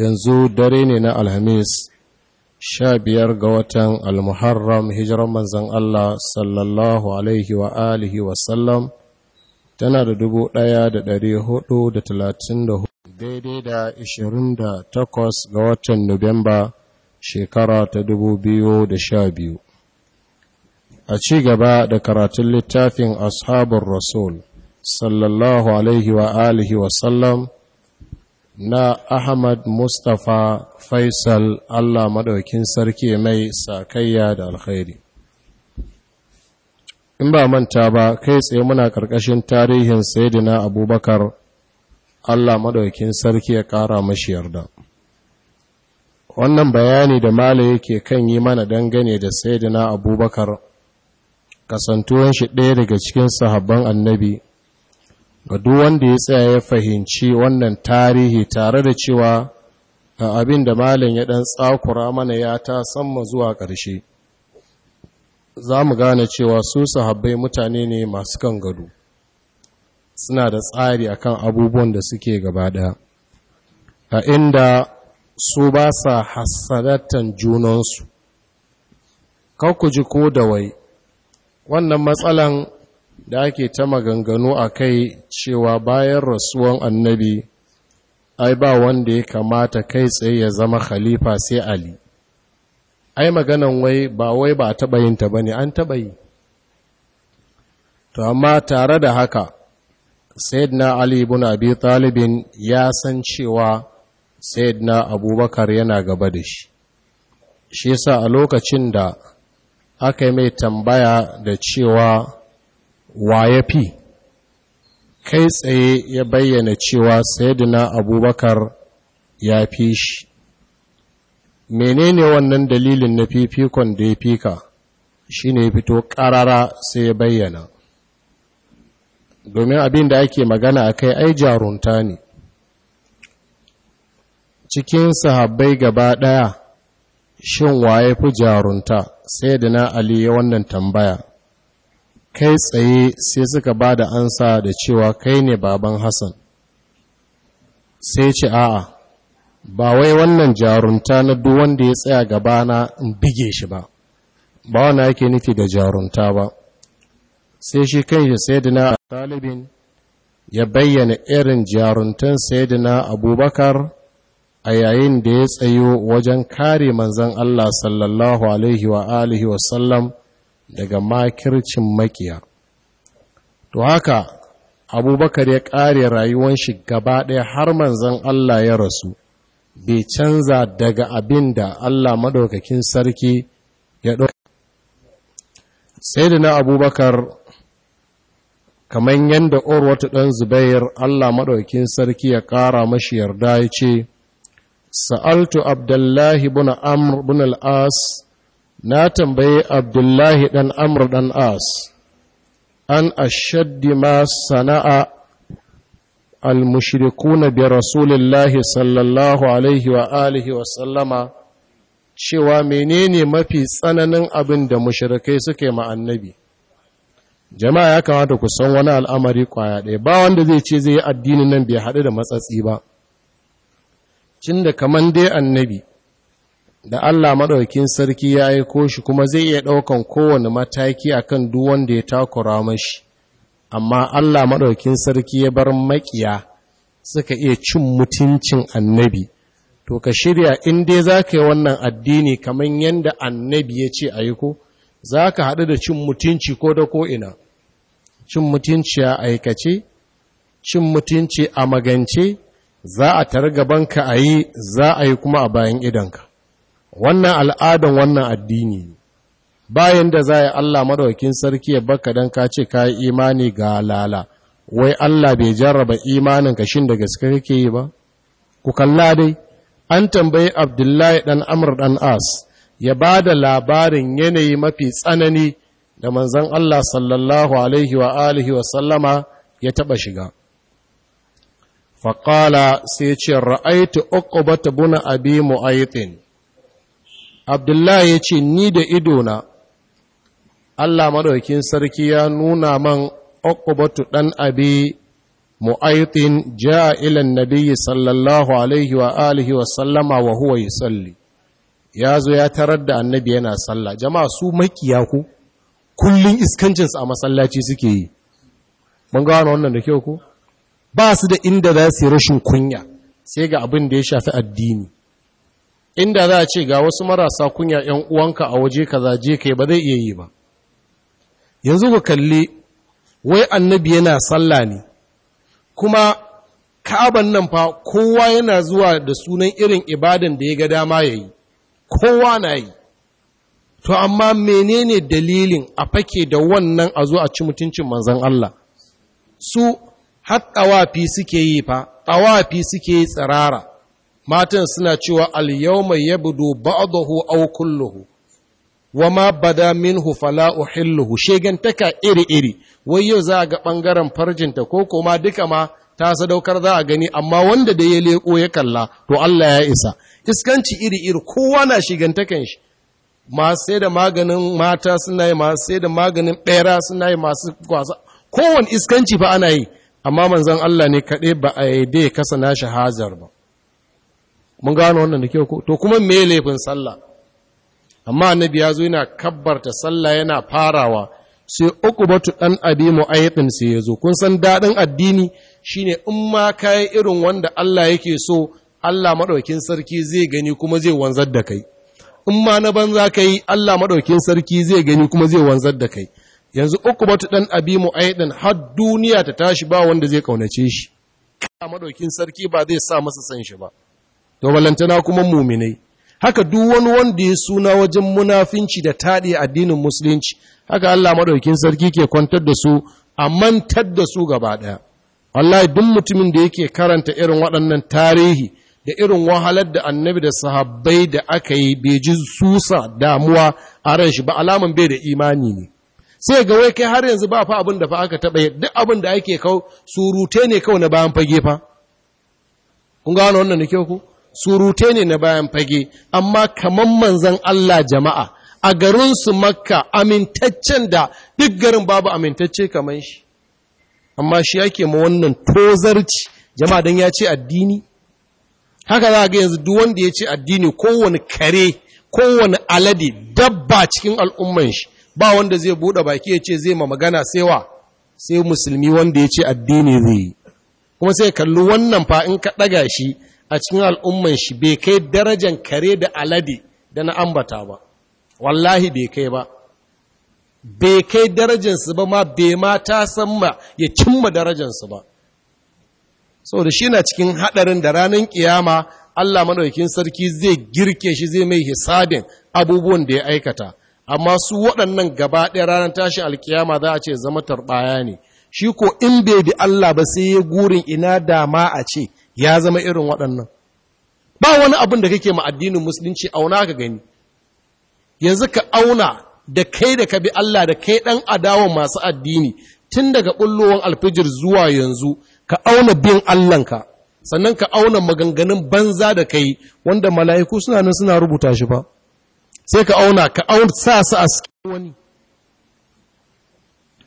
yanzu dare ne na alhamis sha biyar ga watan almuharram hijiran manzan Allah sallallahu alaihi wa alihi wasallam tana da dubu ɗaya da dari hudu da talatin da hudu daidai da ishirin da takwas ga watan Nubemba shekara ta dubu biyu da sha biyu a ci gaba da karatun littafin ashabun rasul sallallahu alaihi wa alihi wasallam na Ahmad Mustapha Faisal Allah Madaukin sarki mai sakayya da alkhairi. In ba manta ba, kai tsaye muna ƙarƙashin tarihin Sayyidina Abubakar Allah Madaukin sarki ya ƙara mashi yarda. Wannan bayani da malam yake kan yi mana dangane da Sayyidina Abubakar, kasantuwan shi ɗaya daga cikin sahabban annabi. ga duk wanda ya tsaya ya fahimci wannan tarihi tare da cewa abin da malin ya ɗan tsakura mana ya ta samma zuwa ƙarshe za mu gane cewa su sahabbai mutane ne masu kan gado suna da tsari akan abubuwan da suke gaba ɗaya a inda su ba sa hassadattan junansu kakku ji ko da wai wannan matsalan da ake ta maganganu a kai cewa bayan rasuwan annabi ai ba wanda ya kamata kai tsaye ya zama khalifa sai ali ai maganan wai ba wai ba a taɓa yin ta ba ne an taɓa yi to amma tare da haka sayyidina ali ibn abi talibin ya san cewa sayyidina abubakar yana gaba da shi shi yasa a lokacin da aka yi mai tambaya da cewa wa ya fi kai tsaye ya bayyana cewa sayyidina abubakar ya fi shi menene wannan dalilin na fifikon da ya fika shi ne fito ƙarara sai ya bayyana domin abin da ake magana a kai ai jarunta ne cikin sahabbai gaba ɗaya shin waye fi jarunta sai Ali ya wannan tambaya kai tsaye sai suka ba da ansa da cewa kai ne baban hassan sai ce a'a ba wai wannan jarunta na duk wanda ya tsaya gabana in bige shi ba ba wani ake nufi da jarunta ba sai shi kai shi sayidina talibin ya bayyana irin jaruntan sayidina abubakar a yayin da ya tsayo wajen kare manzan Allah sallallahu alaihi wa alihi wasallam daga makircin makiya to haka abubakar ya kare rayuwan shi gaba ɗaya har manzan Allah ya rasu bai canza daga abin da Allah maɗaukakin sarki ya ɗauka sai da na abubakar kamar yadda orwata ɗan zubair Allah maɗaukakin sarki ya ƙara mashi yarda ya ce sa'altu abdullahi bin amr bin al'as na tambayi abdullahi ɗan amur ɗan as an ashaddi ma sana'a al-mushrikuna bi rasulillahi sallallahu alaihi wa alihi wa sallama cewa menene mafi tsananin abin da mushrikai suke ma annabi jama'a ya kamata ku san wani al'amari kwaya ɗaya ba wanda zai ce zai yi addinin nan bai haɗu da matsatsi ba Cinda da kaman dai annabi da Allah maɗaukin sarki ya aiko shi kuma zai iya ɗaukan kowane mataki akan duk wanda ya takura mashi amma Allah maɗaukin sarki ya bar maƙiya suka iya cin mutuncin annabi to ka shirya in dai za ka yi wannan addini kamar yadda annabi ya ce a yi ko za ka haɗu da cin mutunci ko da ko'ina cin mutunci a aikace cin mutunci a magance za a targabanka a yi za a yi kuma a bayan idanka wannan al'adan wannan addini bayan da za Allah maɗaukin sarki ya baka don ka ce ka yi imani ga lala wai Allah bai jarraba imanin ka shin da gaske kake yi ba ku kalla dai an tambayi abdullahi ɗan amur ɗan as ya ba da labarin yanayi mafi tsanani da manzan Allah sallallahu alaihi wa alihi wa sallama ya taɓa shiga. Faƙala sai ce ra'aitu uqbata buna abi mu'aytin abdullahi ya ce ni da idona allah maɗaukin sarki ya nuna man ukubatu ɗan abi mu'aitin ja'ilan nabiyyi sallallahu alaihi wa alihi wa sallama wa huwa salli. ya zo ya tarar da annabi yana salla jama'a su makiya ku Kullum iskancinsu a masallaci suke yi mun ga wannan da kyau ku ba su da inda za su yi rashin kunya sai ga abin da ya shafi addini inda za a ce ga wasu marasa kunya ‘yan uwanka a waje zaje ka kai ba zai iya yi ba yanzu ku kalli wai annabi yana sallah ne kuma ka'aban nan fa kowa yana zuwa da sunan irin ibadan da ya ga dama ya yi kowa na yi to amma menene dalilin a fake da wannan a zo a ci mutuncin manzan Allah su har ɗawafi suke yi fa ɗawafi suke yi tsirara matan suna cewa al-yawma yabdu ba'dahu aw kulluhu wama bada minhu fala uhilluhu shegantaka iri-iri wai yau za a ga ɓangaren farjinta ko kuma duka ma ta sadaukar za a gani amma wanda da ya leko ya kalla to Allah ya isa iskanci iri-iri kowa na shigantakan shi ma sai da maganin mata suna yi ma sai da maganin ɓera suna yi masu kwasa kowane iskanci fa ana yi amma manzon Allah ne kaɗai ba a yi dai kasa nashi hazar ba mun gano wannan da kyau ko to kuma me laifin sallah amma annabi ya zo yana kabbarta sallah yana farawa sai uqubatu dan abi mu'aytin sai ya zo kun san dadin addini shine in ma kai irin wanda Allah yake so Allah madaukin sarki zai gani kuma zai wanzar da kai in ma na banza kai Allah madaukin sarki zai gani kuma zai wanzar da kai yanzu uqubatu dan abi mu'aytin har duniya ta tashi ba wanda zai kaunace shi Allah madaukin sarki ba zai sa masa san shi ba to ballantana kuma muminai haka duk wani wanda ya suna wajen munafinci da taɗe addinin musulunci haka Allah maɗaukin sarki ke kwantar da su a mantar da su gaba ɗaya wallahi duk mutumin da yake karanta irin waɗannan tarihi da irin wahalar da annabi da sahabbai da aka yi bai ji susa damuwa a ran shi ba alaman bai da imani ne sai ga wai kai har yanzu ba fa abin da fa aka taɓa duk abin da ake kawo surute ne kawai na bayan fage fa kun gano wannan da kyau ku surute ne na bayan fage amma kaman manzan Allah jama'a a garinsu makka amintaccen da duk garin babu amintacce kamar shi amma shi yake ma wannan tozarci jama'a don ya ce addini haka za ga yanzu duk wanda ya ce addini kowane kare kowane alade dabba cikin al'umman shi ba wanda zai buɗe baki ya ce zai ma magana sewa sai musulmi wanda ya ce addini zai yi kuma sai kalli wannan fa in ka ɗaga shi a cikin al'umman shi bai kai darajan kare da alade da na ambata ba wallahi bai kai ba bai kai darajansu ba ma bai ma ta san ma ya cimma darajansu ba da shi na cikin haɗarin da ranar ƙiyama Allah maɗaukin sarki zai girke shi zai mai hisabin abubuwan da ya aikata amma su waɗannan gaba ɗaya ranar tashi alkiyama za a ce zama tarɓaya ne shi ko in bai bi Allah ba sai ya gurin ina dama a ce ya zama irin waɗannan ba wani abin da kake ma addinin musulunci auna ka gani yanzu ka auna da kai da ka bi Allah da kai ɗan adawa masu addini tun daga ɓullowar alfijir zuwa yanzu ka auna bin Allahnka sannan ka auna maganganun banza da kai wanda mala'iku suna nan suna rubuta shi ba sai ka auna ka auna sa su a wani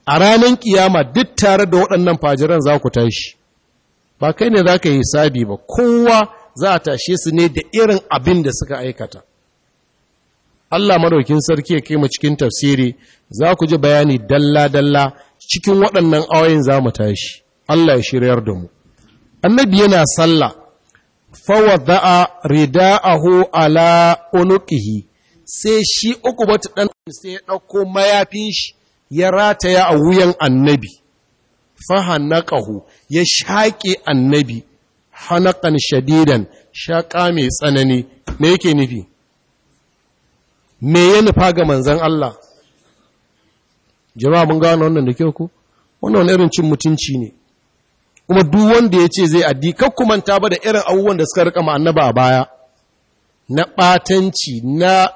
a ranar kiyama duk tare da waɗannan fajiran za ku tashi ba kai ne za ka yi sabi ba kowa za a tashe su ne da irin abin da suka aikata Allah madaukin sarki ya kai mu cikin tafsiri za ku ji bayani dalla-dalla cikin waɗannan awayin za mu tashi Allah ya shiryar da mu annabi yana sallah fawada'a aho ala onukihi sai shi uku bata ɗan sai ya ɗauko mayafin shi ya rataya a wuyan annabi fahannakahu ya shaƙe annabi hanakan shadidan shaƙa mai tsanani me yake nufi me ya nufa ga manzan Allah jama'a mun gano wannan da kyau ku wannan wani irin cin mutunci ne kuma duk wanda ya ce zai addi kakkumanta ba da irin abubuwan da suka rika annaba a baya na ɓatanci na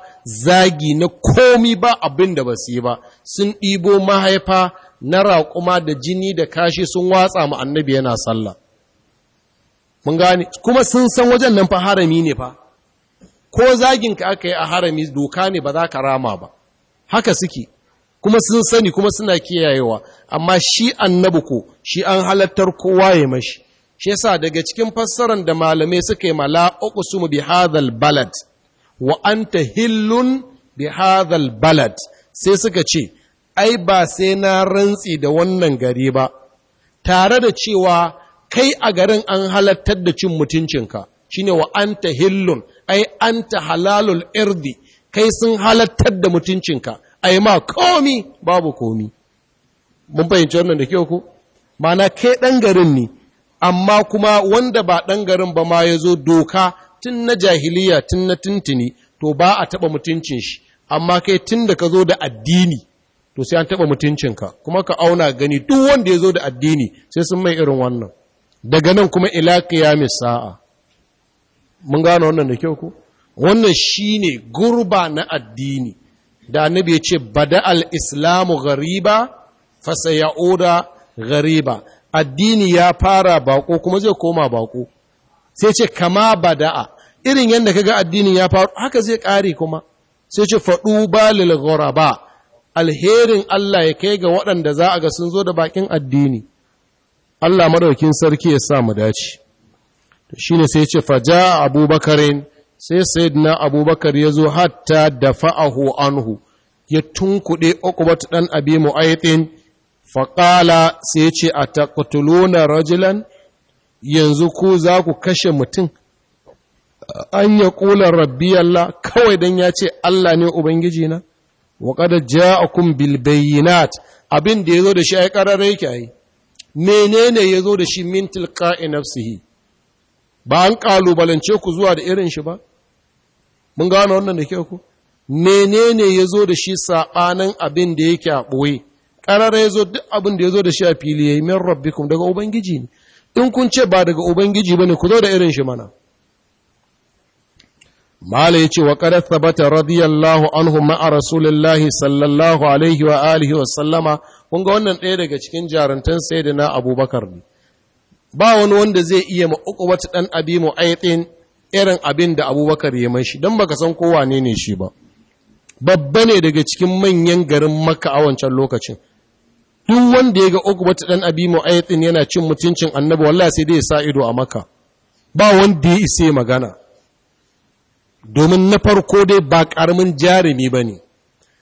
zagi na komi ba abinda da ba su yi ba sun ɗibo mahaifa na raƙuma da jini da kashi sun watsa ma annabi yana sallah mun gane kuma sun san wajen nan fa harami ne fa ko zagin ka aka yi a harami doka ne ba za ka rama ba haka suke kuma sun sani kuma suna kiyayewa amma shi annabi ko shi an halattar kowa ya mashi shi yasa daga cikin fassarar da malamai suka yi mala uqsum bi hadhal balad wa anta hillun bi hadhal balad sai suka ce ai ba sai na rantsi da wannan gari ba tare da cewa kai a garin an halattar da cin mutuncinka shine wa anta hillun ai anta halalul irdi kai sun halattar da mutuncinka ai ma komi babu komi mun fahimci wannan da kyau ku mana kai ɗan garin ne amma kuma wanda ba ɗan garin ba ma ya zo doka tun na jahiliya tun na tuntuni to ba a taɓa mutuncin shi amma kai tun da ka zo da addini to sai an taɓa mutuncinka kuma ka auna gani duk wanda ya zo da addini sai sun mai irin wannan daga nan kuma ila qiyamis sa'a mun gano wannan da kyau ko wannan shine gurba na addini da annabi ya ce bada al-islamu ghariba fa sayauda ghariba addini ya fara bako kuma zai koma bako sai ce kama bada'a irin yadda kaga addinin ya faru haka zai kare kuma sai ce faɗu ba lil ghuraba alherin Allah ya kai ga waɗanda za a ga sun zo da bakin addini Allah madaukin sarki ya sa mu dace shine sai ya ce faja abubakarin sai sayyidina abubakar ya zo hatta dafa'ahu anhu ya tunkuɗe uqbat dan abi mu'aytin faƙala sai ya ce a taƙutuluna rajulan yanzu ku za ku kashe mutum an ya ƙular rabbi Allah kawai don ya ce Allah ne Ubangiji na? wa qad ja'akum bil bayyinat abin da yazo da shi ai karare a ai menene yazo da shi min tilqa'i nafsihi ba an kalubalance ku zuwa da irin shi ba mun gano wannan da kyau ku menene yazo da shi sabanin abin da yake a boye ya yazo duk abin da yazo da shi a fili yi min rabbikum daga ubangiji ne in kun ce ba daga ubangiji bane ku zo da irin shi mana mala ce wa ƙarar thabata radiyallahu anhu ma'a rasulillahi sallallahu alaihi wa alihi wa sallama kun ga wannan ɗaya daga cikin jarantan na abubakar ne ba wani wanda zai iya wata ɗan abi aiɗin irin abin da abubakar ya mai shi don ba ka san kowa ne ne shi ba babba ne daga cikin manyan garin maka a wancan lokacin duk wanda ya ga uku wata ɗan abi aiɗin yana cin mutuncin annabi wallah sai dai ya sa ido a maka. ba wanda ya isa magana domin na farko dai ba ƙaramin jarumi ba ne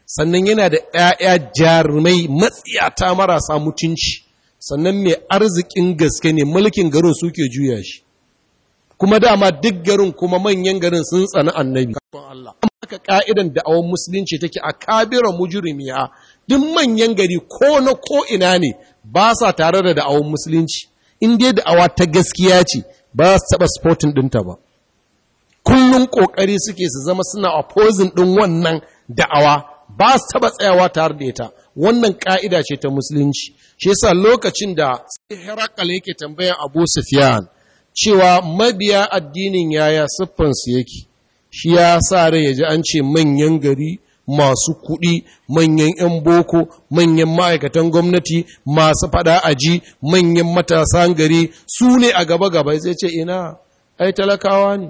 sannan yana da ‘ya'ya jarumai matsiyata marasa mutunci sannan mai arzikin gaske ne mulkin garin suke juya shi kuma dama duk garin kuma manyan garin sun tsani annabi haka ka'idan da'awar musulunci take a kabira mujrimiya duk manyan gari ko na ko ina ne ba sa tare da da'awar musulunci in dai da'awa ta gaskiya ce ba su taɓa sporting ɗinta ba kullum ƙoƙari suke su zama suna opposing ɗin wannan da'awa ba su taɓa tsayawa tare da ita wannan ƙa'ida ce ta musulunci shi yasa lokacin da sai herakal yake tambayan abu sufiyan cewa mabiya addinin yaya siffansu yake shi ya sa rai ya ji an ce manyan gari masu kuɗi manyan 'yan boko manyan ma'aikatan gwamnati masu fada aji manyan matasan gari su ne a gaba-gaba zai ce ina ai talakawa ne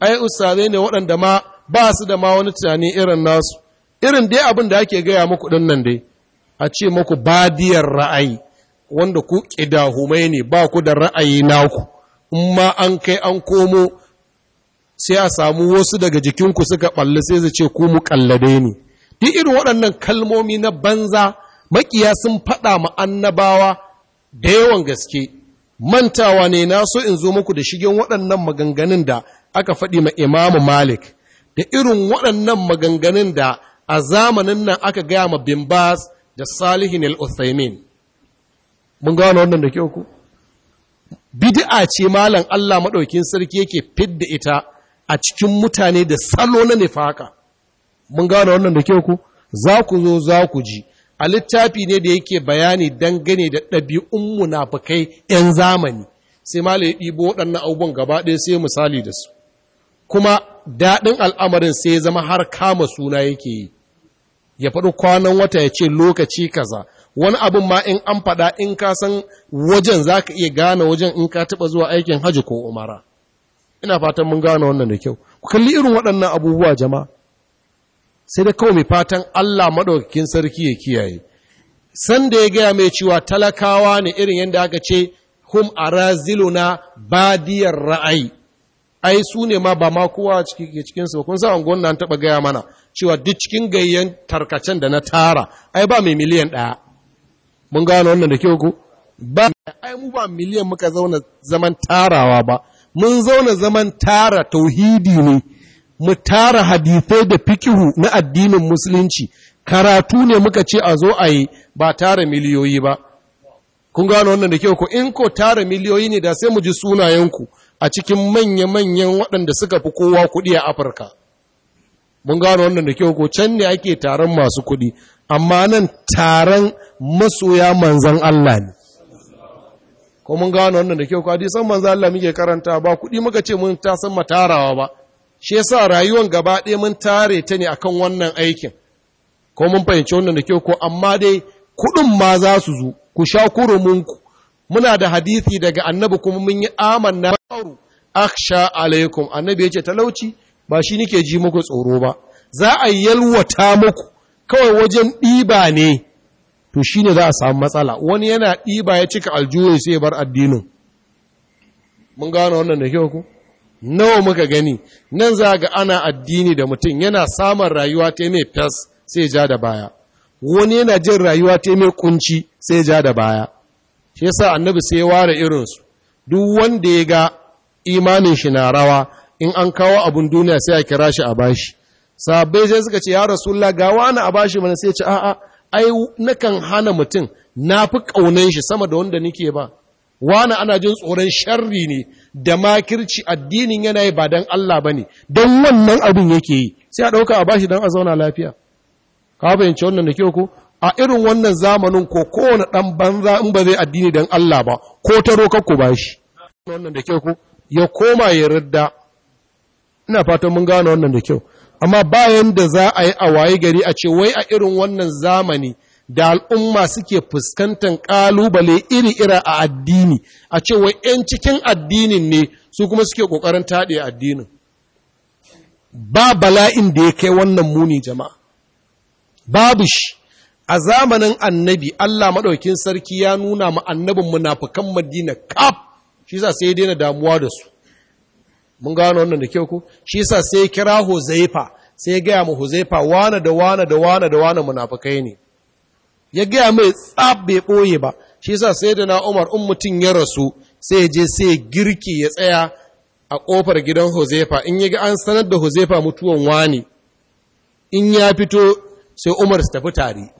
ai ustazai ne waɗanda ma ba su da ma wani tunani irin nasu irin dai abin da ake gaya muku ɗin nan dai a ce muku badiyar ra'ayi wanda ku ƙidahumai ne ba ku da ra'ayi naku in ma an kai an komo sai a samu wasu daga jikinku suka ɓalli sai su ce ku mu ƙallade ne duk irin waɗannan kalmomi na banza makiya sun faɗa ma annabawa da yawan gaske mantawa ne na so in zo muku da shigen waɗannan maganganun da aka faɗi ma imamu malik da irin waɗannan maganganun da a zamanin nan aka gaya ma bin da salihin al mun gano wannan da kyau ku Bidi'a ce malam Allah maɗaukin sarki yake fidda ita a cikin mutane da salo na nifaka mun gano wannan da kyau ku za ku zo za ku ji a littafi ne da yake bayani dangane da ɗabi'un munafukai 'yan zamani sai malai ya ɗibo waɗannan abubuwan gaba ɗaya sai misali da su kuma daɗin al'amarin sai ya zama har kama suna yake yi ya faɗi kwanan wata ya ce lokaci kaza wani abin ma in an faɗa in ka san wajen za ka iya gane wajen in ka taɓa zuwa aikin hajji ko umara ina fatan mun gane wannan da kyau ku kalli irin waɗannan abubuwa jama'a sai da kawai mai fatan Allah maɗaukakin sarki ya kiyaye sanda ya gaya mai cewa talakawa ne irin yadda aka ce hum araziluna badiyar ra'ayi ai su ne ma ba ma kowa cikin cikinsu ba kun san angon nan taɓa gaya mana cewa duk cikin gayyen tarkacen da na tara ai ba mai miliyan ɗaya mun gano wannan da ke ku ba ai mu ba miliyan muka zauna zaman tarawa ba mun zauna zaman tara tauhidi ne mu tara hadisai da fikihu na addinin musulunci karatu ne muka ce a zo a yi ba tara miliyoyi ba kun gano wannan da ke ku in ko tara miliyoyi ne da sai mu ji sunayenku a cikin manya-manyan waɗanda suka fi kowa kuɗi a Afirka. Mun gano wannan da kyau ko can ne ake taron masu kuɗi, amma nan taron masoya manzan Allah ne. Ko mun gano wannan da kyau ko san manzan Allah muke karanta ba kuɗi muka ce mun ta san matarawa ba. Shi yasa rayuwar gaba ɗaya mun tare ta ne akan wannan aikin. Ko mun fahimci wannan da kyau ko amma dai kuɗin ma za su zo ku sha kurumunku muna da hadisi daga annabi kuma mun yi amanna faru akhsha alaikum annabi yace talauci ba shi nike ji muku tsoro ba za a yalwata muku kawai wajen ɗiba ne to shine za a samu matsala wani yana ɗiba ya cika aljuhu sai ya bar addinin mun gano wannan da kyau nawa muka gani nan za ga ana addini da mutum yana samun rayuwa ta mai fas sai ja da baya wani yana jin rayuwa ta mai kunci sai ja da baya shi yasa annabi sai ya ware su duk wanda ya ga imanin shi na rawa in an kawo abun duniya sai a kira shi a bashi sabai sai suka ce ya rasulullah ga wani a bashi mana sai ce a'a ai nakan hana mutum na fi shi sama da wanda nake ba wani ana jin tsoron sharri ne da makirci addinin yana yi ba dan Allah ba ne don wannan abin yake yi sai a ɗauka a bashi don a zauna lafiya ka fahimci wannan da kyau ko a irin wannan zamanin ko kowane ɗan banza in ba zai addini don Allah ba ko ta roƙar ku ba shi wannan da kyau ko ya koma ya radda ina fatan mun gane wannan da kyau amma bayan da za a yi a waye gari a ce wai a irin wannan zamani da al'umma suke fuskantar ƙalubale iri-ira a addini a ce wai ‘yan cikin addinin ne su kuma suke ƙoƙarin taɗe addinin ba bala'in da ya kai wannan muni jama'a babu shi a zamanin annabi Allah maɗaukin sarki ya nuna ma annabin munafukan madina kaf shi sa sai ya daina damuwa da su mun gano wannan da kyau ku shi sa sai ya kira huzaifa sai ya gaya ma huzaifa wane da wane da wane da wane munafukai ne ya gaya mai tsab bai ɓoye ba shi sa sai da na umar in mutum ya rasu sai ya je sai girki ya tsaya a ƙofar gidan huzaifa in ya ga an sanar da huzaifa mutuwan wane, in ya fito sai umar su tafi tare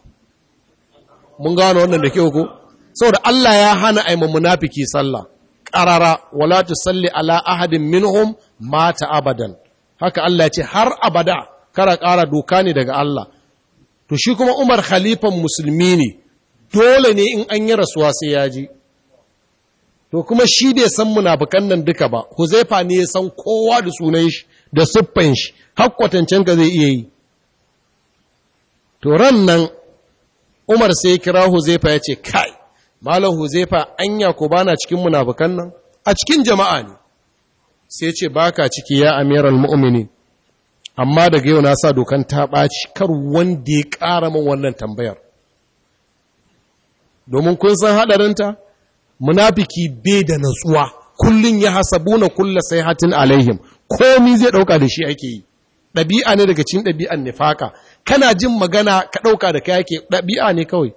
mun gano wannan da kyau ko saboda Allah ya hana ai munafiki sallah qarara wala tusalli ala ahadin minhum mata abadan haka Allah ya ce har abada kara kara doka ne daga Allah to shi kuma Umar khalifan musulmi ne dole ne in an yi rasuwa sai ya ji to kuma shi bai san munafikan nan duka ba Huzaifa ne ya san kowa da sunan shi da siffan shi har ka zai iya yi to ran nan umar sai kira huzaifa ya ce kai malam huzaifa anya ko bana cikin munafukan nan a cikin jama'a ne sai ce baka ciki ya amiral mu'minin amma daga yau na sa dokan ta ɓaci kar wanda ya ƙara min wannan tambayar domin kun san haɗarinta munafuki be da natsuwa kullum ya hasabu na kulla sai hatin alaihim komi zai ɗauka da shi ake yi ɗabi'a ne daga cikin ɗabi'an nifaka kana jin magana ka ɗauka da kayake ɗabi'a ne kawai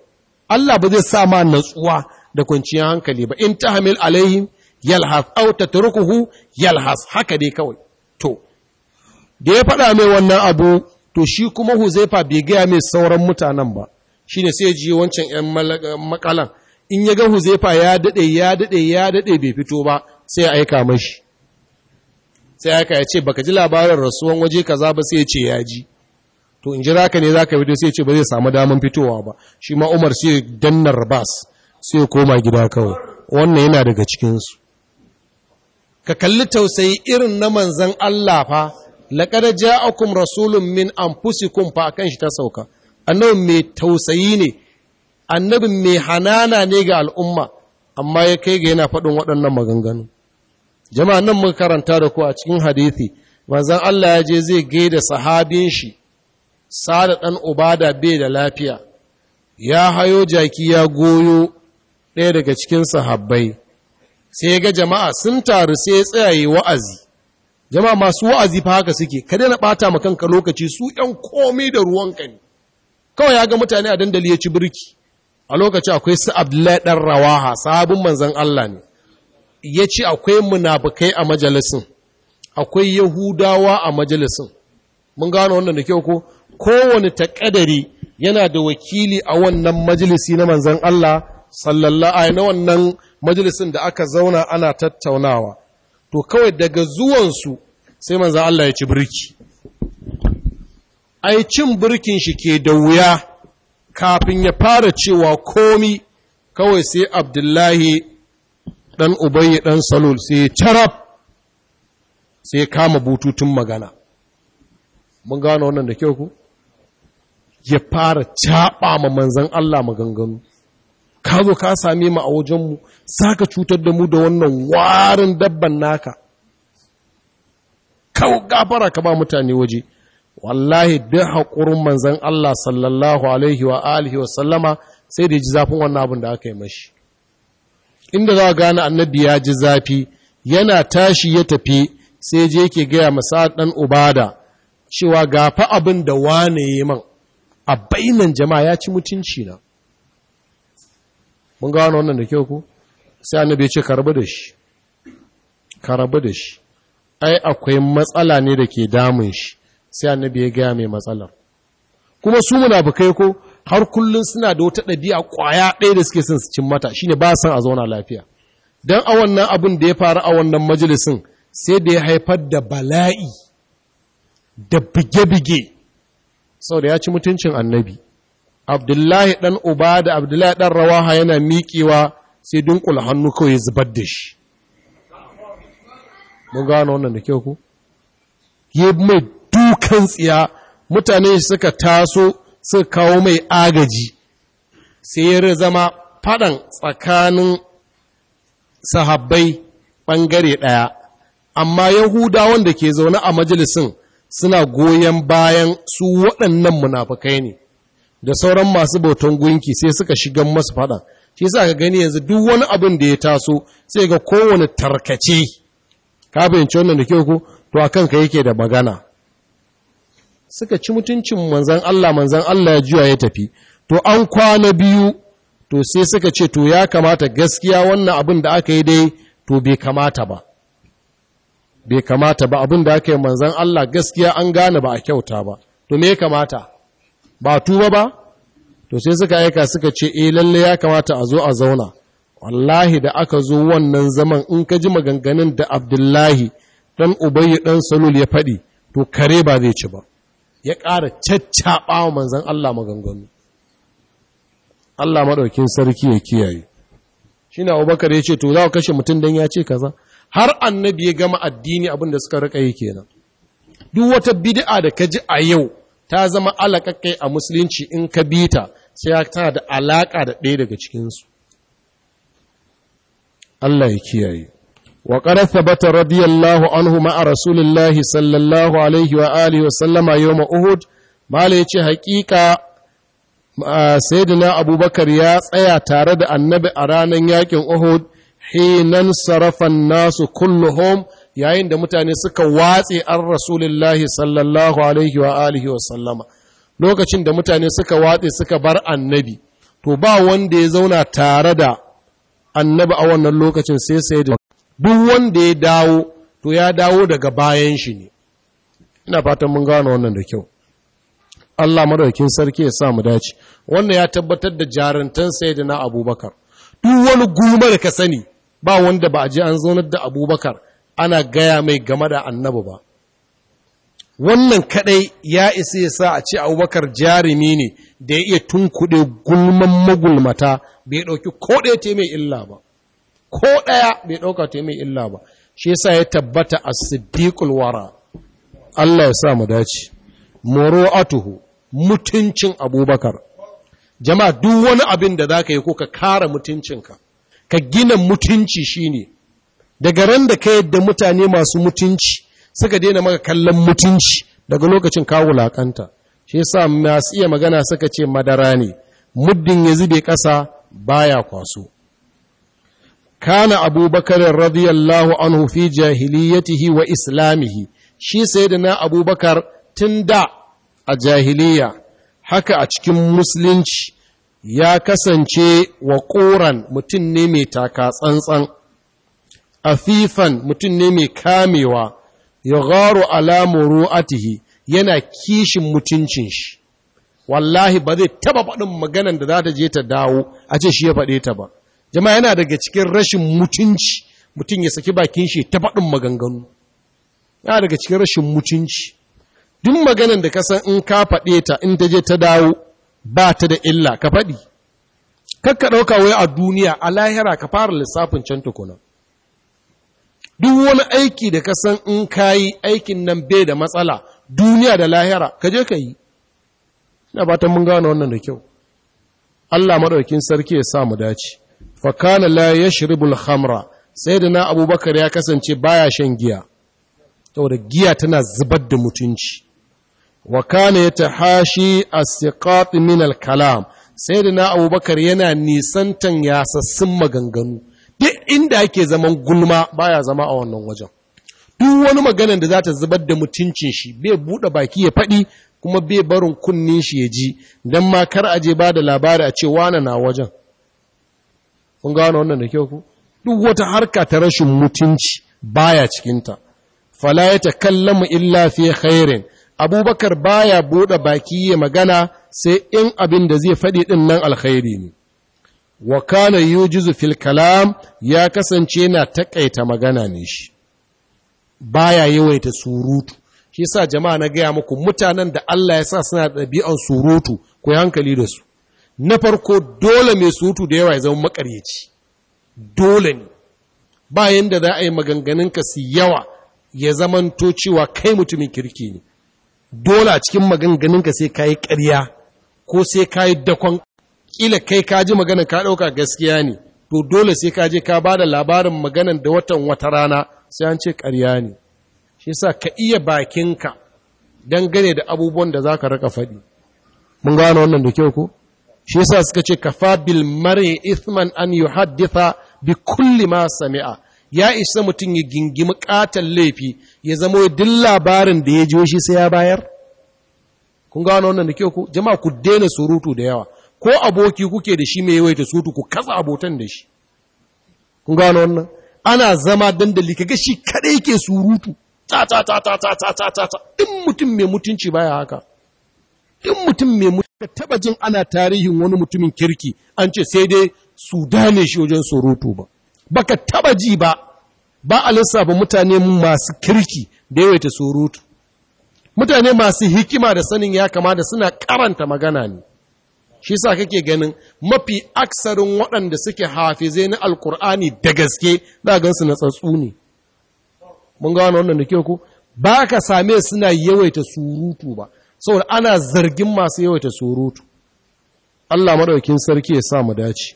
Allah ba zai sa ma natsuwa da kwanciyar hankali ba in tahmil alaihim yalhas ta tatrukuhu yalhas haka dai kawai to da ya faɗa mai wannan abu to shi kuma Huzaifa bai gaya mai sauran mutanen ba shine sai ji wancan ƴan makalan in ya ga Huzaifa ya daɗe ya daɗe ya daɗe bai fito ba sai aika mashi sai aka ya ce baka ji labarin rasuwan waje kaza ba sai ya ce ya ji to in jira ka ne zaka bido sai ya ce ba zai samu daman fitowa ba shi ma Umar sai dannar bas sai ya koma gida kawai wannan yana daga cikin su ka kalli tausayi irin na manzan Allah fa laqad ja'akum rasulun min anfusikum fa akan shi ta sauka annabin mai tausayi ne annabin mai hanana ne ga al'umma amma ya kai ga yana faɗin waɗannan maganganu jama'a nan mun karanta da ku a cikin hadithi manzon Allah ya je zai gaida sahabin shi sada dan ubada bai da lafiya ya hayo jaki ya goyo ɗaya daga cikin sahabbai sai ga jama'a sun taru sai tsayaye wa'azi jama'a masu wa'azi fa haka suke ka daina bata ma kanka lokaci su ƴan komai da ruwanka ne kawai ya ga mutane a dandali ya ci birki a lokaci akwai su abdullahi ɗan rawaha sabon manzan Allah ne ya ce akwai munafukai a majalisin akwai yahudawa a majalisin mun gano wannan da kyau ko kowane taƙadari yana da wakili a wannan majalisi na manzan Allah sallallahu na wannan majalisin da aka zauna ana tattaunawa to kawai daga zuwansu sai manzan Allah ya ci birki ai cin birkin shi ke da wuya kafin ya fara cewa komi kawai sai Abdullahi ɗan ubayi ɗan salul sai carab sai kama bututun magana mun gano wannan da kyau ku ya fara caɓa ma manzan Allah maganganu ka zo ka same mu a wajenmu saka cutar da mu da wannan warin dabban naka ka gafara ka ba mutane waje wallahi duk haƙurin manzan Allah sallallahu alaihi wa alihi wa sallama sai da ji zafin wannan abin da aka yi mashi inda za a gane annabi ya ji zafi yana tashi ya tafi sai je ke gaya masa ɗan ubada cewa gafa abin da wane yi man a bainan jama'a ya ci mutunci na mun gano wannan da kyau ku sai annabi ya ce karbi da shi karbi da shi ai akwai matsala ne da ke damun shi sai annabi ya gaya mai matsalar kuma su muna munafukai ko har kullum suna da wata ɗabi'a ƙwaya ɗaya da suke sun su cin mata ne ba san a zauna lafiya Don a wannan abin da ya faru a wannan majalisin sai da ya haifar da bala'i da bige-bige da ya ci mutuncin annabi abdullahi ɗan uba da abdullahi ɗan rawaha yana miƙewa sai dunkul hannu kawai zubar da shi mun gano wannan da kyau ku yi mai dukan tsiya mutane suka taso suka kawo mai agaji sai ya zama faɗan tsakanin sahabbai bangare ɗaya amma yahudawan wanda ke zaune a majalisin suna goyon bayan su waɗannan munafukai ne da sauran masu bautan gunki sai suka shigan masu faɗan shi sa ka gani yanzu duk wani abin da ya taso sai ga kowane tarkace ka bayyance wannan da kyau ko to a kanka yake da magana suka ci mutuncin manzan Allah manzan Allah ya juya ya tafi to an kwana biyu to sai suka ce to ya kamata gaskiya wannan abin da aka yi dai to bai kamata ba bai kamata ba abin da aka yi manzan Allah gaskiya an gane ba a kyauta ba to me ya kamata ba tuba ba to sai suka aika suka ce eh lalle ya kamata a zo a zauna wallahi da aka zo wannan zaman in ka ji maganganun da Abdullahi dan Ubayy dan Salul ya faɗi to kare ba zai ci ba ya ƙara caccaɓa wa manzan Allah maganganu Allah maɗaukin sarki ya kiyaye shi na abubakar ya ce to za ku kashe mutum don ya ce kaza har annabi ya gama addini abin da suka rika yi kenan duk wata bid'a da ka ji a yau ta zama alaƙaƙai a musulunci in ka bi ta sai tana da alaƙa da ɗaya daga cikinsu Allah ya kiyaye وقد ثبت رضي الله عنه مع رسول الله صلى الله عليه وآله وسلم يوم أهد ما ليش حقيقة سيدنا أبو بكر يا سيا تارد النبي أرانا ياكم أهد حين انصرف الناس كلهم yayin da mutane suka watse an rasulillahi sallallahu alaihi wa alihi lokacin da mutane suka watse suka bar annabi to ba wanda ya zauna tare da annabi a wannan lokacin sai sai da duk wanda ya dawo to ya dawo daga bayan shi ne ina fatan mun gano wannan da kyau Allah madaukin sarki ya sa mu dace wannan ya tabbatar da jarantan na Abubakar duk wani guma da ka sani ba wanda ba a ji an zonar da Abubakar ana gaya mai game da annabi ba wannan kadai ya isa ya sa a ce abubakar jarumi ne da ya iya tunkuɗe gulman magulmata bai ɗauki ko ɗaya ce mai illa ba ko ɗaya bai ɗauka ta mai illa ba shi yasa ya tabbata a siddiqul wara Allah ya sa mu dace muru'atuhu mutuncin abubakar jama'a duk wani abin da za ka yi ko ka kare mutuncinka ka gina mutunci shine daga ran da ka yadda mutane masu mutunci suka daina maka kallon mutunci daga lokacin ka wulakanta shi yasa masu iya magana suka ce madara ne muddin ya zube ƙasa baya kwaso kana abubakar radiyallahu anhu fi jahiliyatihi wa islamihi shi na abubakar tun da a jahiliya haka a cikin musulunci ya kasance wa ƙoran mutum ne mai taka tsantsan afifan mutum ne mai kamewa ya gharu alamuru atihi yana kishin mutuncin shi wallahi ba zai taba faɗin maganan da za ta je ta dawo a ce shi ya faɗe ta ba jama'a yana daga cikin rashin mutunci mutum ya saki bakin shi ta faɗin maganganu yana daga cikin rashin mutunci duk maganan da ka san in ka faɗe ta in ta je ta dawo ba ta da illa ka faɗi kakka ɗauka wai a duniya a lahira ka fara lissafin can tukuna duk wani aiki da kasan in ka yi aikin nan bai da matsala duniya da lahira ka je ka yi ina ba ta mun gane wannan da kyau Allah maɗaukin sarki ya sa mu dace fa kana la sai khamra sayyidina abubakar ya kasance baya shan giya saboda giya tana zubar da mutunci wa kana yatahashi as-siqat min al-kalam sayyidina abubakar yana nisantan yasassun maganganu duk inda ake zaman gulma baya zama a wannan wajen duk wani maganar da za ta zubar da mutuncin shi bai bude baki ya faɗi kuma bai barin kunnin shi ya ji dan ma kar a je ba da labari a ce na, na wajen kun gano wannan da kyau ku duk wata harka ta rashin mutunci baya cikinta fala ya takallamu illa fi khairin abubakar baya bude baki ya magana sai in abin da zai faɗi din nan alkhairi ne wa kana yujizu fil kalam ya kasance na takaita magana ne shi baya yawaita surutu shi yasa jama'a na gaya muku mutanen da Allah ya sa suna ɗabi'an surutu ku hankali da su na farko dole mai sutu da yawa ya zama makaryaci dole ne bayan da za a yi maganganunka su yawa ya zamanto cewa kai mutumin kirki ne dole a cikin maganganunka sai ka yi ƙarya ko sai ka yi dakon ƙila kai ka ji magana ka ɗauka gaskiya ne to dole sai ka je ka ba da labarin maganan da watan wata rana sai an ce ƙarya ne shi sa ka iya bakinka dangane da abubuwan da za ka raka faɗi mun gane wannan da kyau ko shi yasa suka ce kafa bil mar'i ithman an yuhadditha bi kulli ma sami'a ya isa mutum ya gingimi katon laifi ya zama duk labarin da ya jiyo shi sai ya bayar kun gano wannan da kyau ku jama'a ku daina surutu da yawa ko aboki kuke da shi mai yawaita surutu ku kasa abotan da shi kun gano wannan ana zama dandali kaga shi kadai yake surutu ta ta ta ta ta ta ta ta duk mutum mai mutunci baya haka duk mutum mai ka taba jin ana tarihin wani mutumin kirki an ce sai dai su dane shi wajen surutu ba baka taba ji ba ba a lissafa mutane masu kirki da yawaita surutu mutane masu hikima da sanin ya kamata suna karanta magana ne shi sa kake ganin mafi aksarin waɗanda suke hafizai na alkur'ani da gaske za gan su na tsatsu ne mun gano wannan da kyau ku. ba ka same suna yawaita surutu ba saboda ana zargin masu yawaita surutu Allah madaukin sarki ya sa mu dace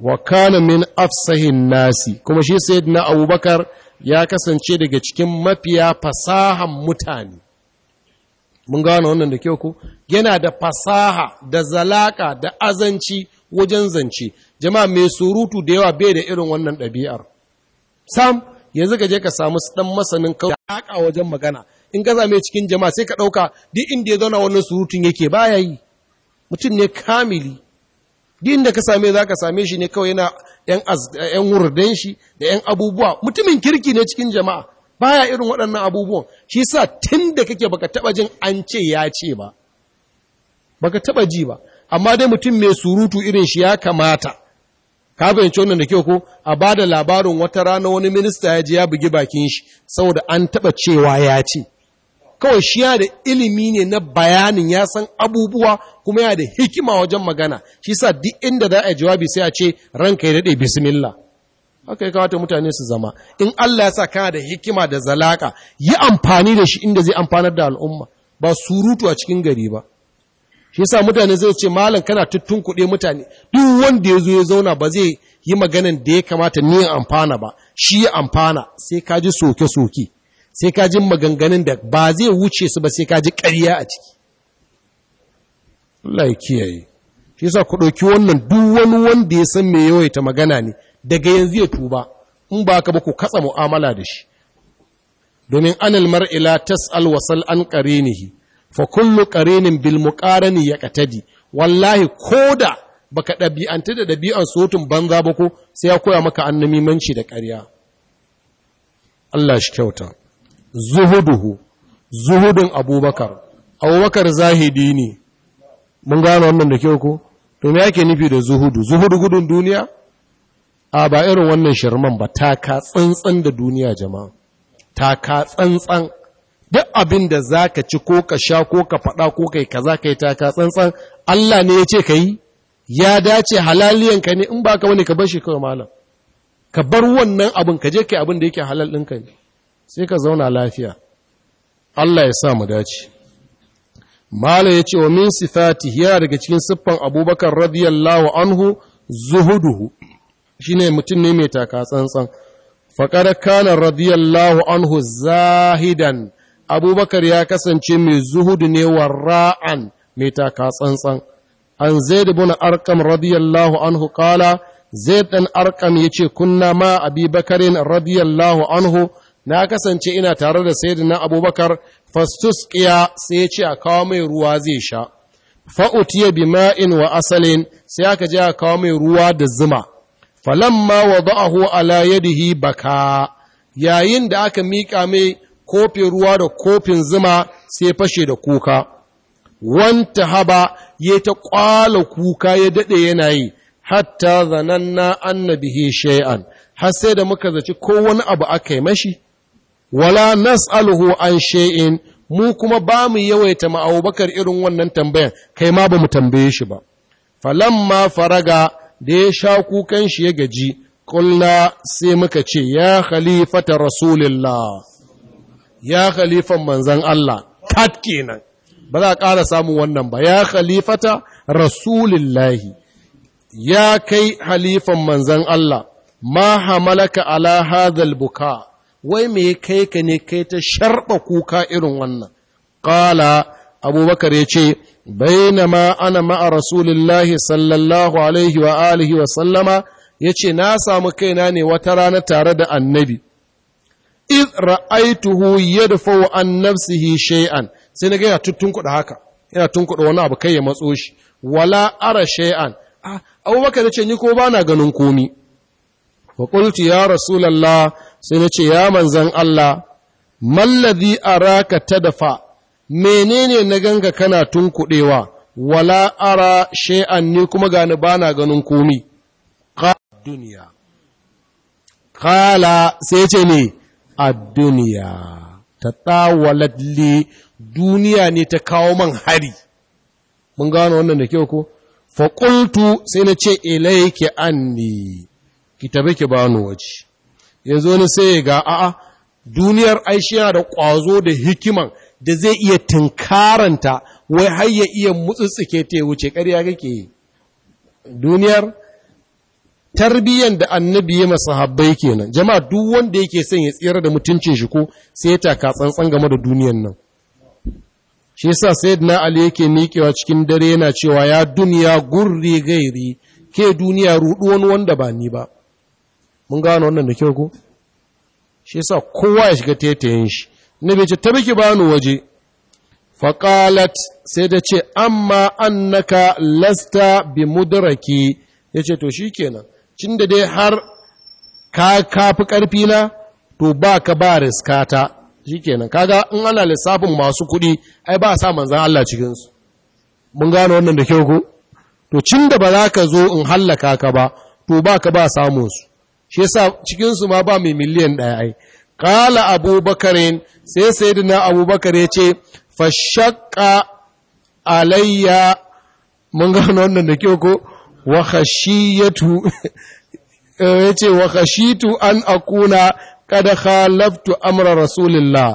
wa kana min afsahin nasi kuma shi na Abubakar ya kasance daga cikin mafiya fasahan mutane mun gano wannan da kyau ko yana da fasaha da zalaka da azanci wajen zance jama'a mai surutu da yawa bai da irin wannan ɗabi'ar sam yanzu ka je ka samu ɗan masanin kawai wajen magana in ka zame cikin jama'a sai ka ɗauka duk inda ya zauna wannan surutun yake ya yi mutum ne kamili duk inda ka same za ka same shi ne kawai yana ‘yan wurden shi da ‘yan abubuwa mutumin kirki ne cikin jama'a baya irin waɗannan abubuwan shi sa tun da kake baka taɓa jin an ce ya ce ba baka taɓa ji ba amma dai mutum mai surutu irin shi ya kamata ka fahimci wannan da kyau ko a ba da labarin wata rana wani minista ya ji ya bugi bakin shi saboda an taɓa cewa ya ce kawai shi yana da ilimi ne na bayanin ya san abubuwa kuma yana da hikima wajen magana shi sa duk inda za a jawabi sai a ce ranka ya daɗe bismillah haka yi kawata mutane su zama in Allah ya sa kana da hikima da zalaka yi amfani da shi inda zai amfanar da al'umma ba surutu a cikin gari ba shi sa mutane zai ce malam kana tuttun kuɗe mutane duk wanda ya zo ya zauna ba zai yi maganan da ya kamata ni amfana ba shi ya amfana sai ka ji soke-soke sai ka ji maganganun da ba zai wuce su ba sai ka ji ƙarya a ciki Allah ya kiyaye shi sa ku ɗauki wannan duk wani wanda ya san me yawaita magana ne daga yanzu ya tuba in ba ka ba ku katsa mu'amala da shi domin almar ila tas alwasal an qarinihi fa kullu qarinin bil ya ƙatadi, wallahi ko da baka ɗabi'anta da ɗabi'an sotun banza ba ko sai ya koya maka manci da ƙarya Allah shi kyauta zuhuduhu zuhudun abubakar abubakar zahidi ne mun gano wannan da kyau ko to me yake nufi da zuhudu zuhudu gudun duniya a ba irin wannan shirman ba ta ka tsantsan da duniya jama'a ta ka tsantsan duk abin da za ka ci ko ka sha ko ka faɗa ko kai ka ka yi, ta ka tsantsan Allah ne ya ce ka yi ya dace ka ne in baka ka wani ka bar shi kawai malam ka bar wannan abin ka je kai abin da yake halal ɗinka ne sai ka zauna lafiya Allah ya sa mu dace mala ya ce wa min sifati yana daga cikin siffan abubakar radiyallahu anhu zuhuduhu shine mutum ne mai taka tsantsan faƙar kanar radiyallahu anhu zahidan abubakar ya kasance mai zuhudu ne warra'an mai taka tsantsan an zaid bin arkam radiyallahu anhu kala zaid ɗan arkam yace kunna ma abubakarin radiyallahu anhu na kasance ina tare da sayyidina abubakar fastusqiya sai ya ce a kawo mai ruwa zai sha fa'utiya bi ma'in wa asalin sai aka je a kawo mai ruwa da zuma falamma wada'ahu ala yadihi baka yayin da aka miƙa mai kofin ruwa da kofin zuma sai fashe da kuka wanta haba ya ta ƙwala kuka ya daɗe yana yi hatta zananna annabihi shay'an har sai da muka zaci ko wani abu aka yi mashi wala nas'aluhu an shay'in mu kuma ba mu yawaita ma Abubakar irin wannan tambayan kai ma ba mu tambaye shi ba falamma faraga da ya sha kukan shi ya gaji kulla sai muka ce ya khalifata rasulillah ya khalifan manzon Allah kat kenan ba za a ƙara samun wannan ba ya khalifata rasulillahi ya kai halifan manzan Allah ma hamalaka ala hadhal buka wai me kai ka ne kai ta sharɓa kuka irin wannan ƙala abubakar ya ce bainama ana ma'a rasulillahi sallallahu alaihi wa alihi wa sallama ya ce na samu kaina ne wata rana tare da annabi iz ra'aituhu fawo an nafsihi shay'an sai na gaya tuttun kuɗa haka yana tunkuda wani abu kai ya matso shi wala ara shay'an ah, abubakar ya ce ni ko bana ganin komi wa ya rasulallah sai na ce ya manzan Allah mallazi araka tadfa menene na ganga kana kuɗewa wala ara shay'an ni kuma gani bana ganin komi ka duniya kala sai ce ne a duniya ta tsawalat duniya ne ta kawo man hari mun gano wannan da kyau ko faƙultu sai na ce an ne, ki tabi ki bani waje yanzu wani sai ya ga a'a duniyar aishi yana da ƙwazo da hikiman da zai iya tunkaranta wai har ya iya mutsutsuke ta ya wuce ƙarya kake yi duniyar tarbiyyar da annabi ya masahabbai kenan jama'a duk wanda yake son ya tsira da mutuncin shi ko sai ya taka tsantsan game da duniyar nan shi yasa sayyidina ali yake nikewa cikin dare yana cewa ya duniya gurri gairi ke duniya ruɗu wanda ba ni ba mun gano wannan da kyau ko shi yasa kowa ya shiga tetayen shi nabi ce tabiki bani waje faqalat sai da ce amma annaka lasta bi mudraki yace to shikenan cin da dai har ka kafi karfi na to ba ka ba riskata shikenan kaga in ana lissafin masu kuɗi ai ba sa manzan Allah cikin su mun gano wannan da kyau ko to cin da ba za ka zo in hallaka ka ba to ba ka ba samun su shi yasa cikinsu ma ba mai miliyan ɗaya ai kala abubakarin sai sayyidina abubakar ya ce fashakka alayya mun gano wannan da kyau ko wa khashiyatu eh, ya ce wa khashitu an akuna kada khalaftu amra rasulillah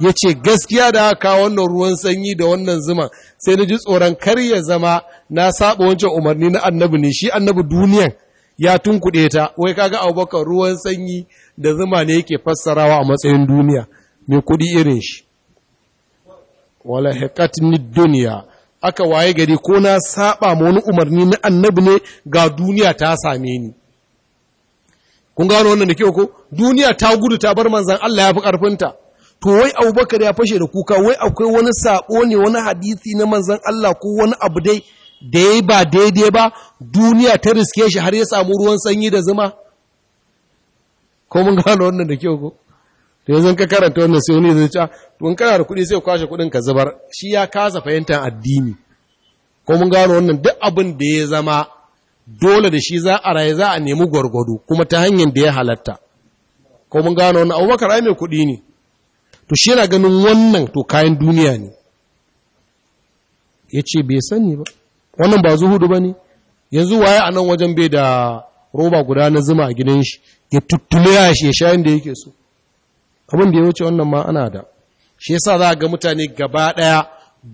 ya ce gaskiya da haka wannan ruwan sanyi da wannan zuma sai na ji tsoron kar ya zama na saba wancan umarni na annabi ne shi annabi duniyan ya tunkuɗe ta wai kaga abubakar ruwan sanyi da zuma ne yake fassarawa a matsayin duniya mai kuɗi irin shi wala hekatni duniya aka waye gari ko na saba ma wani umarni na annabi ne ga duniya ta same ni kun gano wannan da kyau ko duniya ta gudu ta bar manzan Allah ya fi karfinta to wai abubakar ya fashe da kuka wai akwai wani sako ne wani hadisi na manzan Allah ko wani abu dai da ya ba daidai ba duniya ta riske shi har ya samu ruwan sanyi da zuma ko mun gano wannan da kyau ko da yanzu ka karanta wannan sai wani zai ce in kana da kuɗi sai kwashe kuɗin ka zubar shi ya kasa fahimtar addini ko mun gano wannan duk abin da ya zama dole da shi za a raye za a nemi gwargwado kuma ta hanyar da ya halatta ko mun gano wannan abubakar ai mai kuɗi ne to shi yana ganin wannan to kayan duniya ne ya ce bai sani ba wannan ba zuhudu ba ne yanzu waye a nan wajen bai da roba guda na zuma a gidan shi ya tuttule ya shi ya shayin da yake so abin da ya wuce wannan ma ana da shi yasa za ga mutane gaba ɗaya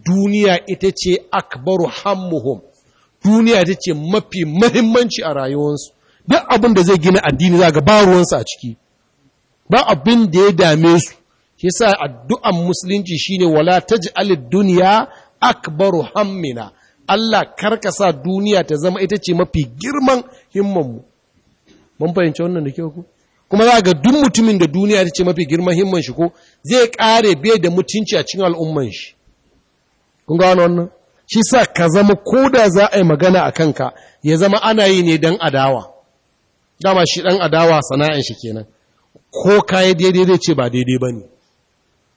duniya ita ce akbaru hammuhum duniya ita ce mafi mahimmanci a rayuwarsu duk abin da zai gina addini za ga ba ruwansu a ciki ba abin da ya dame su shi yasa addu'an musulunci shine wala taj'alid dunya akbaru hammina Allah karka sa duniya ta zama ita ce mafi girman himmanmu mun fahimci wannan da kyau ku kuma za ga duk mutumin da duniya ta ce mafi girman himman shi ko zai kare bai da mutunci a cikin al'umman shi kun ga wannan shi sa ka zama ko da za a yi magana a kanka ya zama ana yi ne dan adawa dama shi dan adawa sana'an shi kenan ko ka yi daidai zai ce ba daidai ne.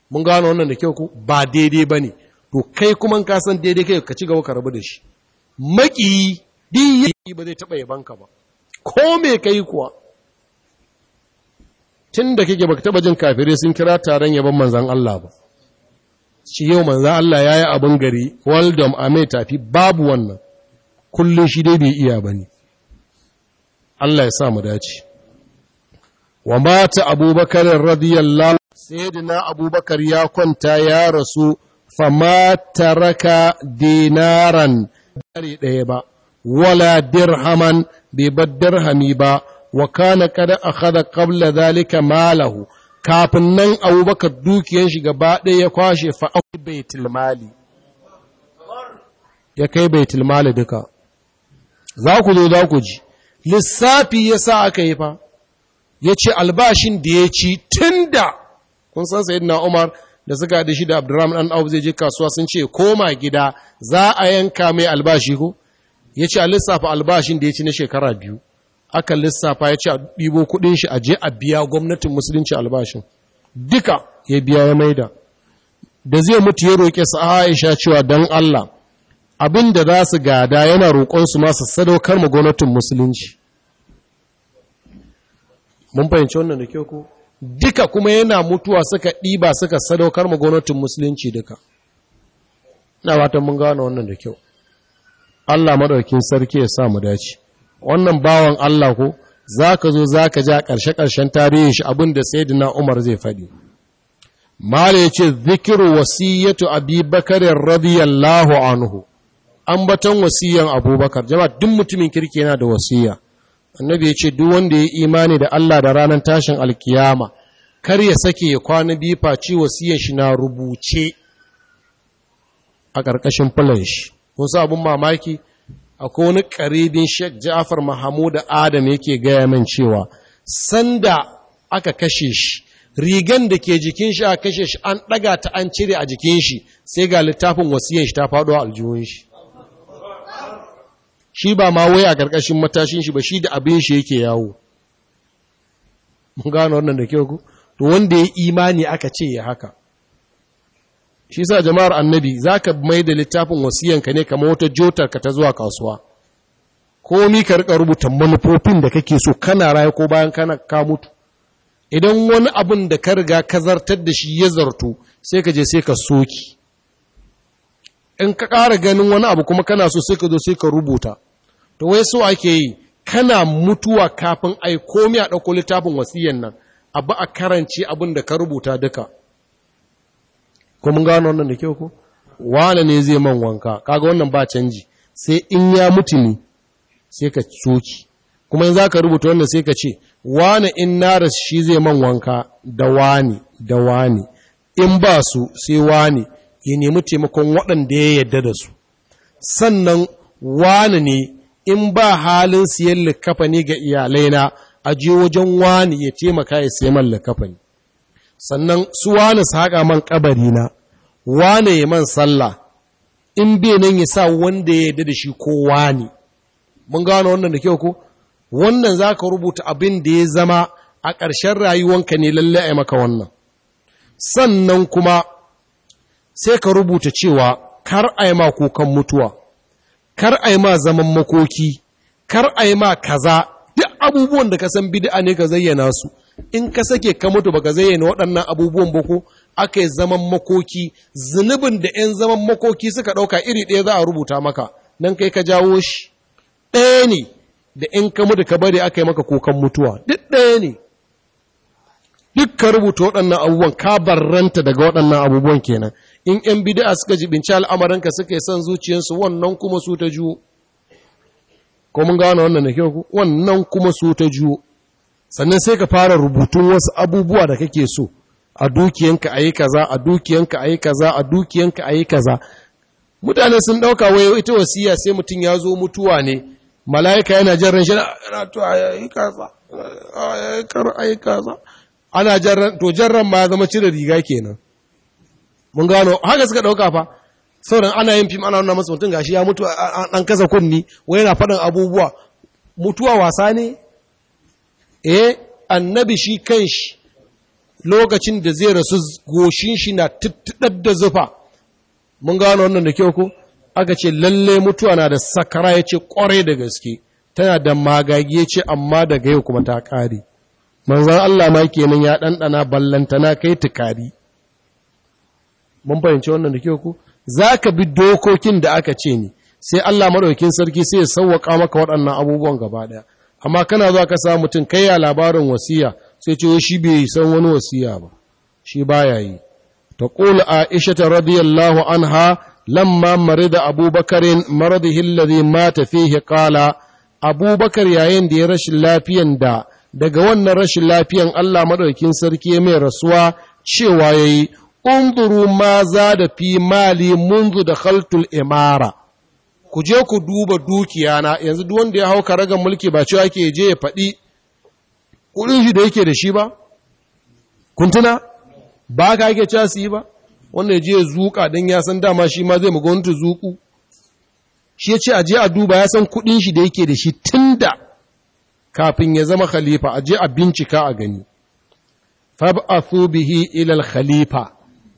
mun gano wannan da kyau ku? ba daidai ba ne. to kai kuma ka san daidai kai ka ci gaba ka rabu da shi maki yi ba zai taba yabanka ba ko me kai kuwa tun da kake baka taba jin kafire sun kira taron yaban manzan Allah ba shi yau manzan Allah ya yi abin gari waldom a mai tafi babu wannan kullum shi dai bai iya ba ne Allah ya sa mu dace wa mata abubakar radiyallahu sayyidina abubakar ya kwanta ya rasu famataraka taraka dinaran dari ɗaya ba wala dirhaman bai bar dirhami ba wa kana kada akhadha qabla zalika malahu kafin nan abubakar dukiya shi gaba ɗaya ya kwashe fa'awi baitul mali ya kai Bai tilmali duka za ku zo za ku ji lissafi ya sa aka yi fa ya ce albashin da ya ci tun da kun san sayid na umar da suka haɗe shi da Abdurrahim ɗan auf zai je kasuwa sun ce koma gida za a yanka mai albashi ko ya ce a lissafa albashin da ya ci na shekara biyu aka lissafa ya ce a ɗibo kuɗin shi a je a biya gwamnatin musulunci albashin duka ya biya ya maida da zai mutu ya roƙe su aisha cewa don allah abin da za su gada yana roƙonsu masu sadaukar ma gwamnatin musulunci mun fahimci wannan da kyau ko duka kuma yana mutuwa suka ɗiba suka sadaukar magonotin musulunci duka ina watan mun gano wannan da kyau Allah madaukin sarki ya sa mu dace wannan bawan Allah ko za ka zo zaka ji a ƙarshe-ƙarshen tarihi shi abinda dina Umar zai faɗi mala yace zikiru wasiyatu abi bakar radiyallahu anhu ambaton wasiyan abubakar jama'a duk mutumin kirki yana da wasiya annabi ya ce duk wanda ya imani da Allah da ranar tashin alkiyama kar ya sake ya kwana biyu face wasiyar shi na rubuce a ƙarƙashin fulan shi kun sa abin mamaki akwai wani karibin ja'afar Ja'far da Adam yake gaya min cewa sanda aka kashe shi rigan da ke jikin shi a kashe shi an ɗaga ta an cire a jikin shi sai ga littafin wasiyar shi ta faɗo a aljihun shi shi ba ma wai a ƙarƙashin matashin shi ba shi da abin shi yake yawo mun gano wannan da kyau to wanda ya imani aka ce ya haka shi sa jama'ar annabi za ka mai da littafin wasiyanka ne kamar wata jotar ka ta zuwa kasuwa Ko mi ka rika rubuta manufofin da kake so kana raye ko bayan kana ka mutu idan wani abin da ka riga ka zartar da shi ya zarto sai ka je sai ka soki in ka ƙara ganin wani abu kuma kana so sai ka zo sai ka rubuta to wai so ake yi kana mutuwa kafin ai komai a ɗauko littafin wasiyan nan a ba a karance abin da ka rubuta duka ko mun gano wannan da kyau ko wane ne zai man wanka kaga wannan ba canji sai in ya mutu ne sai ka soki kuma in za ka rubuta wannan sai ka ce wane in na rasu shi zai man wanka da wani da wani in ba su sai wani ya nemi taimakon waɗanda ya yarda da su sannan wani ne in ba halin siyan likafani ga iyalaina a je wajen wani ya taimaka ya siya man likafani sannan su wani su haƙa man ƙabari na wane ya man sallah in bai nan ya sa wanda ya yarda da shi ko wani mun gano wannan da kyau ko wannan za ka rubuta abin da ya zama a ƙarshen rayuwanka ne lalle a maka wannan sannan kuma sai ka rubuta cewa kar a yi ma kukan mutuwa kar a yi ma zaman makoki kar a yi ma kaza duk abubuwan da ka san bid'a ne ka zayyana su in ka sake ka mutu ka zayyana waɗannan abubuwan ba ko aka yi zaman makoki zunubin da 'yan zaman makoki suka ɗauka iri ɗaya za a rubuta maka nan kai ka jawo shi ɗaya ne da in ka mutu ka bari aka yi maka kokan mutuwa duk ɗaya ne duk ka rubuta waɗannan abubuwan ka barranta daga waɗannan abubuwan kenan in ‘yan bid'a suka jibinci al'amarinka suka yi son zuciyarsu wannan kuma su ta juwo. ko mun gano wannan da kyau wannan kuma su ta juwo. sannan sai ka fara rubutun wasu abubuwa da kake so a dukiyanka a yi kaza a dukiyanka a yi kaza a dukiyanka a yi kaza mutane sun ɗauka wayo ita wasiya sai mutum ya zo mutuwa ne mala'ika yana jan ran shi na to ayi kaza yi kaza ana jan to jan ran ma ya zama cire riga kenan mun gano haka suka ɗauka fa sauran ana yin fim ana nuna masa mutum gashi ya mutu an kasa kunni wai yana faɗin abubuwa mutuwa wasa ne eh annabi shi kanshi lokacin da zai rasu goshin shi na tuttuɗar da zufa mun gano wannan da kyau ko aka ce lalle mutuwa na da sakara ya ce ƙwarai da gaske tana da magagi ya ce amma daga yau kuma ta kare manzan Allah ma kenan ya ɗanɗana ballantana kai tukari mun fahimci wannan da kyau ku za ka bi dokokin da aka ce ni sai Allah maɗaukin sarki sai ya sauwaƙa maka waɗannan abubuwan gaba ɗaya amma kana zuwa ka samu mutum kai ya labarin wasiya sai ce shi bai san wani wasiya ba shi baya yi ta qul aisha ta radiyallahu anha lamma marida abubakarin maradihi alladhi mata fihi qala abubakar yayin da ya rashin lafiyan da daga wannan rashin lafiyan Allah maɗaukin sarki ya mai rasuwa cewa yayi unduru ma za da fi mali munzu da khaltul imara ku je ku duba dukiyana yanzu duk wanda ya hau karagan mulki ba cewa ke je ya faɗi kuɗin shi da yake da shi ba kuntuna ba ka ake cewa su yi ba wanda ya je ya zuƙa don ya san dama shi ma zai maga zuƙu shi ya ce a je a duba ya san kuɗin shi da yake da shi tun da kafin ya zama khalifa a je a bincika a gani fab'athu bihi ilal khalifa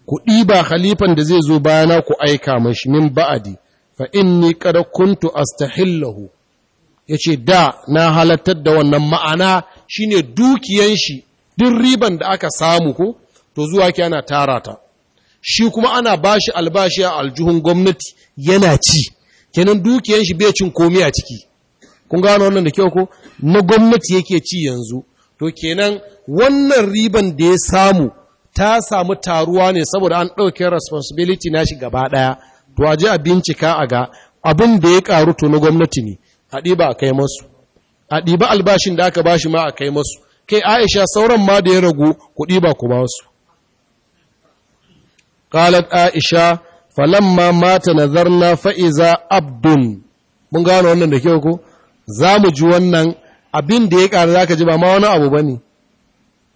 ku ɗiba khalifan da zai zo bayana ku aika mashi min ba'adi fa inni kada kuntu astahillahu ce da na halattar da wannan ma'ana shine dukiyan shi duk riban da aka samu ko to zuwa ki ana tara ta shi kuma ana bashi albashi a aljuhun gwamnati yana ci kenan dukiyan bai cin komai a ciki kun gano wannan da kyau ko na gwamnati yake ci yanzu to kenan wannan riban da ya samu ta samu taruwa ne saboda an ɗauke responsibility na shi gaba ɗaya to a ji a bincika a ga abin da ya ƙaru to na gwamnati ne a ɗiba a kai masu a ɗiba albashin da aka bashi ma a kai masu kai aisha sauran ma da ya ragu ku ɗiba ku ba su qalat aisha falamma mata nazarna fa fa’iza abdun mun gano wannan da kyau ko za mu ji wannan abin da ya ƙara za ka ji ba ma wani abu ba ne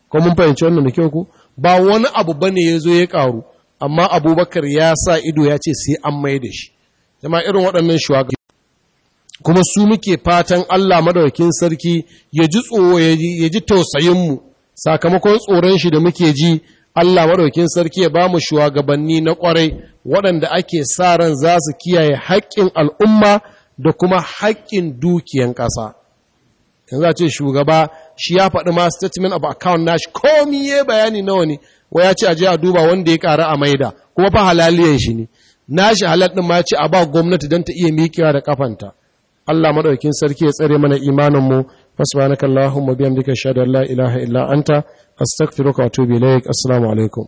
ko mun fahimci wannan da kyau ko ba wani abu ba ne ya zo ya ƙaru amma abubakar ya sa ido ya ce sai an mai da shi zama irin waɗannan shugabanni kuma su muke fatan Allah madaukin sarki ya ji tsoro ya ji tausayinmu sakamakon tsoron shi da muke ji Allah madaukin sarki ya ba mu shuwagabanni na ƙwarai waɗanda ake sa ran za su kiyaye haƙƙin al'umma da kuma haƙƙin dukiyan ƙasa yanzu a ce shugaba shi ya faɗi ma statement of account nashi komi ya bayani nawa ne wa ya ce a je a duba wanda ya ƙara a maida kuma fa halaliyan shi ne nashi halal ɗin ma ya ce a ba gwamnati don ta iya mikewa da kafanta Allah madaukakin sarki ya tsare mana imanin mu fasbanaka Allahumma bihamdika shada la ilaha illa anta astaghfiruka wa atubu ilaik assalamu alaikum